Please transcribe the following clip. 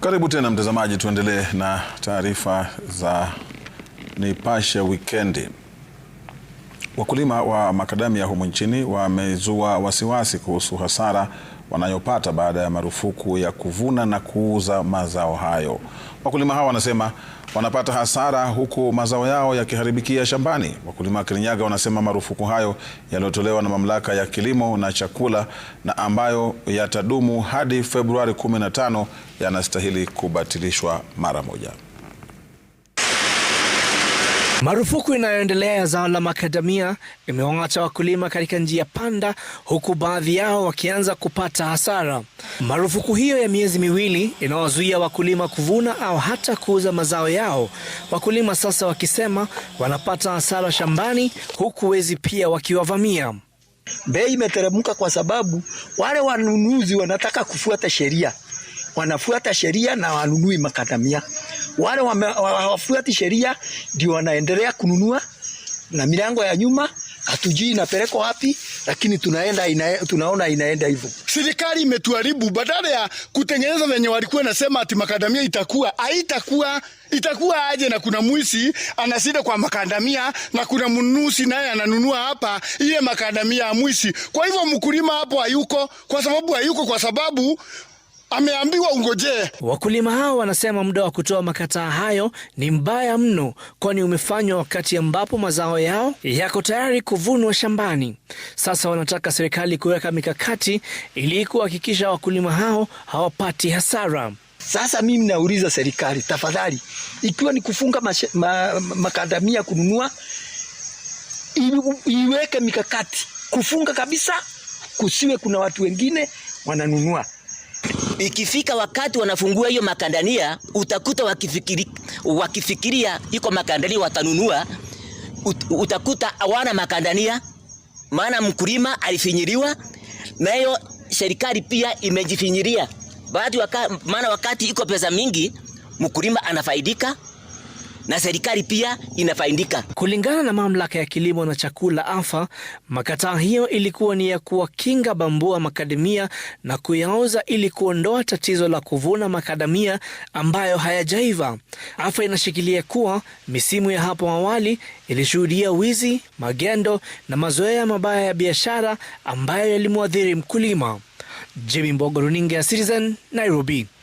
Karibu tena mtazamaji, tuendelee na taarifa za Nipashe Wikendi. Wakulima wa makadamia humu nchini wamezua wasiwasi kuhusu hasara wanayopata baada ya marufuku ya kuvuna na kuuza mazao hayo. Wakulima hawa wanasema wanapata hasara huku mazao yao yakiharibikia shambani. Wakulima wa Kirinyaga wanasema marufuku hayo yaliyotolewa na Mamlaka ya Kilimo na Chakula na ambayo yatadumu hadi Februari 15 yanastahili kubatilishwa mara moja. Marufuku inayoendelea ya zao la makadamia imewaacha wakulima katika njia panda, huku baadhi yao wakianza kupata hasara. Marufuku hiyo ya miezi miwili inawazuia wakulima kuvuna au hata kuuza mazao yao, wakulima sasa wakisema wanapata hasara shambani, huku wezi pia wakiwavamia. Bei imeteremka kwa sababu wale wanunuzi wanataka kufuata sheria, wanafuata sheria na wanunui makadamia wale wafuati sheria ndio wanaendelea kununua, na milango ya nyuma hatujui inapeleko wapi, lakini tunaenda ina, tunaona inaenda hivyo. Serikali imetuharibu badala ya kutengeneza venye walikuwa nasema ati makadamia itakuwa haitakuwa itakuwa aje, na kuna mwisi anasida kwa makadamia na kuna mnunuzi naye ananunua hapa ile makadamia ya mwisi. Kwa hivyo mkulima hapo hayuko kwa sababu hayuko kwa sababu ameambiwa ungojee. Wakulima hao wanasema muda wa kutoa makataa hayo ni mbaya mno, kwani umefanywa wakati ambapo mazao yao yako tayari kuvunwa shambani. Sasa wanataka serikali kuweka mikakati ili kuhakikisha wakulima hao hawapati hasara. Sasa mimi nauliza serikali, tafadhali, ikiwa ni kufunga ma, ma, makadamia kununua, iweke mikakati kufunga kabisa, kusiwe kuna watu wengine wananunua. Ikifika wakati wanafungua hiyo makandania, utakuta wakifikiri, wakifikiria iko makandania watanunua, utakuta hawana makandania, maana mkulima alifinyiriwa na hiyo serikali pia imejifinyiria. Baadhi waka, maana wakati iko pesa mingi mkulima anafaidika na serikali pia inafaidika. Kulingana na mamlaka ya kilimo na chakula AFA, makataa hiyo ilikuwa ni ya kuwakinga bambua makadamia na kuyauza ili kuondoa tatizo la kuvuna makadamia ambayo hayajaiva. AFA inashikilia kuwa misimu ya hapo awali ilishuhudia wizi, magendo na mazoea mabaya ya biashara ambayo yalimwathiri mkulima. Jimmy Mbogo, runinga ya Citizen, Nairobi.